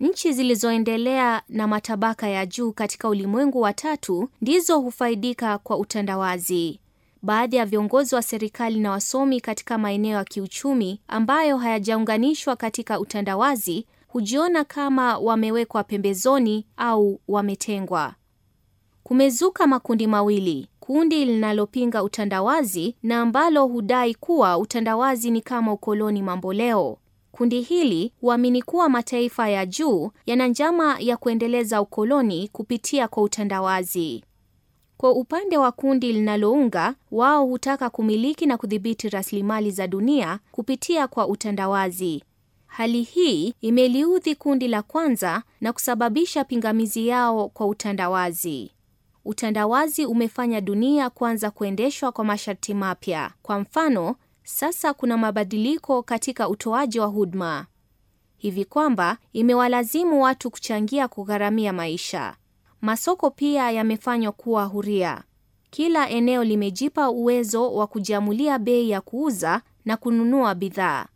Nchi zilizoendelea na matabaka ya juu katika ulimwengu wa tatu ndizo hufaidika kwa utandawazi. Baadhi ya viongozi wa serikali na wasomi katika maeneo ya kiuchumi ambayo hayajaunganishwa katika utandawazi hujiona kama wamewekwa pembezoni au wametengwa. Kumezuka makundi mawili: kundi linalopinga utandawazi na ambalo hudai kuwa utandawazi ni kama ukoloni mamboleo. Kundi hili huamini kuwa mataifa ya juu yana njama ya kuendeleza ukoloni kupitia kwa utandawazi. Kwa upande wa kundi linalounga, wao hutaka kumiliki na kudhibiti rasilimali za dunia kupitia kwa utandawazi. Hali hii imeliudhi kundi la kwanza na kusababisha pingamizi yao kwa utandawazi. Utandawazi umefanya dunia kuanza kuendeshwa kwa masharti mapya. Kwa mfano, sasa kuna mabadiliko katika utoaji wa huduma hivi kwamba imewalazimu watu kuchangia kugharamia maisha. Masoko pia yamefanywa kuwa huria. Kila eneo limejipa uwezo wa kujiamulia bei ya kuuza na kununua bidhaa.